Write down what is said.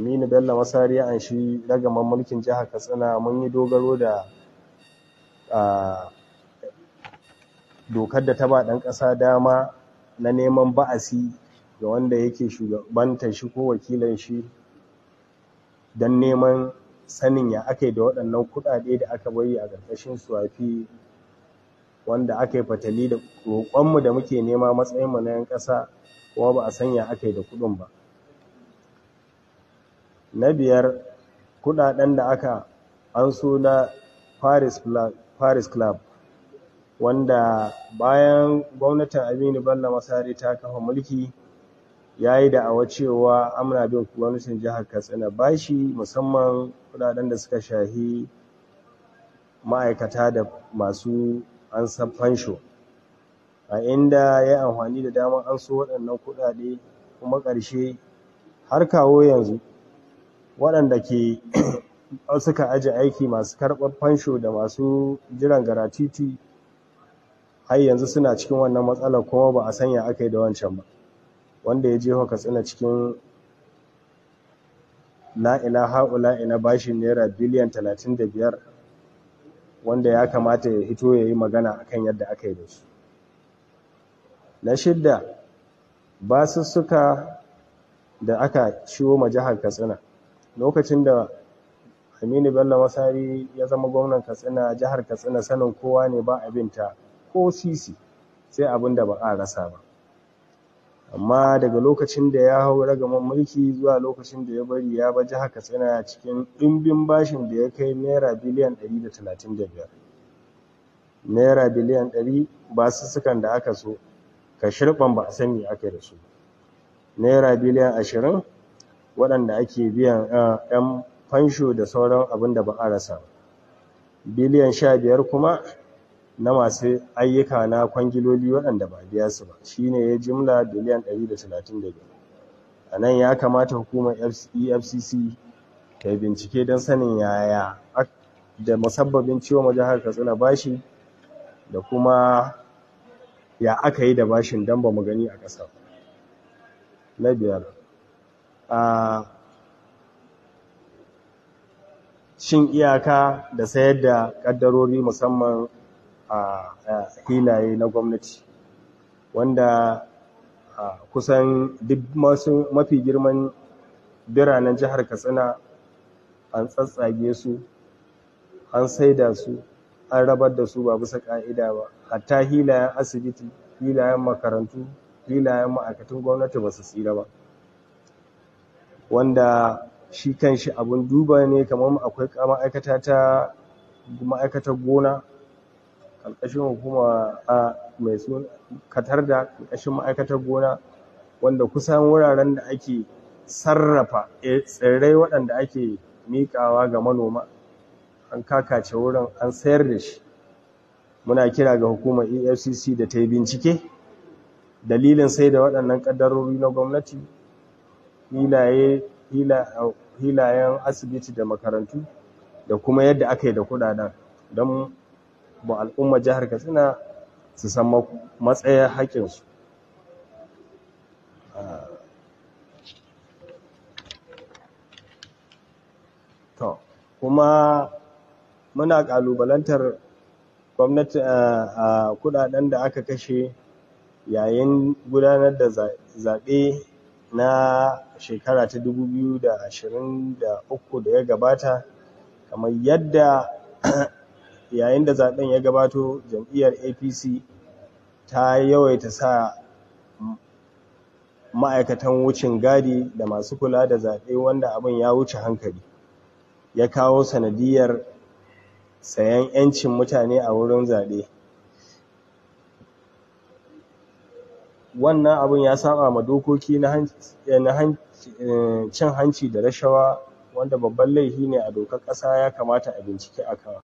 Aminu Bello Masari an shi ragaman mulkin jihar Katsina mun yi dogaro da dokar da ta ba ɗan ƙasa dama na neman ba'asi ga wanda yake shugabantar shi ko wakilan shi don neman sanin ya aka da waɗannan kuɗaɗe da aka bayi a ƙarƙashin suwafi wanda aka yi fatali da roƙonmu da muke nema matsayinmu na 'yan ƙasa kuma ba a sanya aka yi da kuɗin ba. na biyar kudaden da aka anso na paris club wanda bayan gwamnatin aminu bello masari ta kafa mulki ya yi da'awa cewa ana bin gwamnatin jihar katsina bashi musamman kudaden da suka shahi ma'aikata da masu an fansho a inda ya amfani da damar an so waɗannan kuɗaɗe kuma ƙarshe har kawo yanzu waɗanda ke suka aji aiki masu karɓar fansho da masu jiran garatiti har yanzu suna cikin wannan matsalar kuma ba a sanya aka yi da wancan ba wanda ya je katsina cikin la'ila ha'ula'i na bashin naira biliyan 35 wanda ya kamata ya hito ya yi magana akan yadda aka yi da su na shidda basussuka da aka ciwo ma jihar katsina lokacin da aminu bello masari ya zama gwamnan katsina jihar katsina sanin kowa ne ba ta ko sisi sai abin da ba a rasa ba amma daga lokacin da ya hau ragaman mulki zuwa lokacin da ya bari ya ba jihar katsina cikin ɗimbin bashin da ya kai naira biliyan 135 naira biliyan 100 basussukan da aka so ka shirɓan ba a sani aka da su naira biliyan 20 waɗanda ake biyan ‘yan eh, fansho da sauran abin da ba a rasa biliyan sha biyar kuma na masu ayyuka na kwangiloli waɗanda ba biya su ba shi ne ya jimla biliyan 135 a nan ya kamata hukumar efcc e ta bincike don sanin yaya da musabbabin ciwon jihar katsina bashi da kuma ya aka yi da bashin don ba mu gani a ƙasa na biyar shin iyaka da sayar da ƙaddarori musamman a hilaye na gwamnati wanda kusan duk masu mafi girman biranen jihar katsina an tsatsage su an saida su an rabar da su ba bisa ƙa'ida ba hatta hilayen asibiti hilayen makarantu hilayen ma'aikatan gwamnati ba su tsira ba wanda shi kan shi abun duba ne kamar akwai ma'aikata ta ma'aikatar gona ƙarƙashin hukuma a mai suna da ƙarƙashin ma'aikatar gona wanda kusan wuraren da ake sarrafa eh, tsirrai waɗanda ake miƙawa ga manoma an kakace wurin an sayar da shi muna kira ga hukumar efcc da ta yi bincike dalilin sai da waɗannan ƙaddarori na gwamnati hilayen asibiti da makarantu da kuma yadda aka yi da kudaden don ba al'umma jihar katsina su san matsayin haƙinsu kuma muna ƙalubalantar gwamnati a kudaden da aka kashe yayin gudanar da zaɓe na shekara ta 2023 da ya gabata kamar yadda yayin da zaben ya gabato jam'iyyar apc ta yawaita sa ma'aikatan wucin gadi da masu kula da zaɓe wanda abin ya wuce hankali ya kawo sanadiyyar sayan 'yancin mutane a wurin zaɓe wannan abin ya saɓa ma dokoki na eh, eh, cin hanci da rashawa wanda babban laifi ne a dokar ƙasa ya kamata a bincike a kan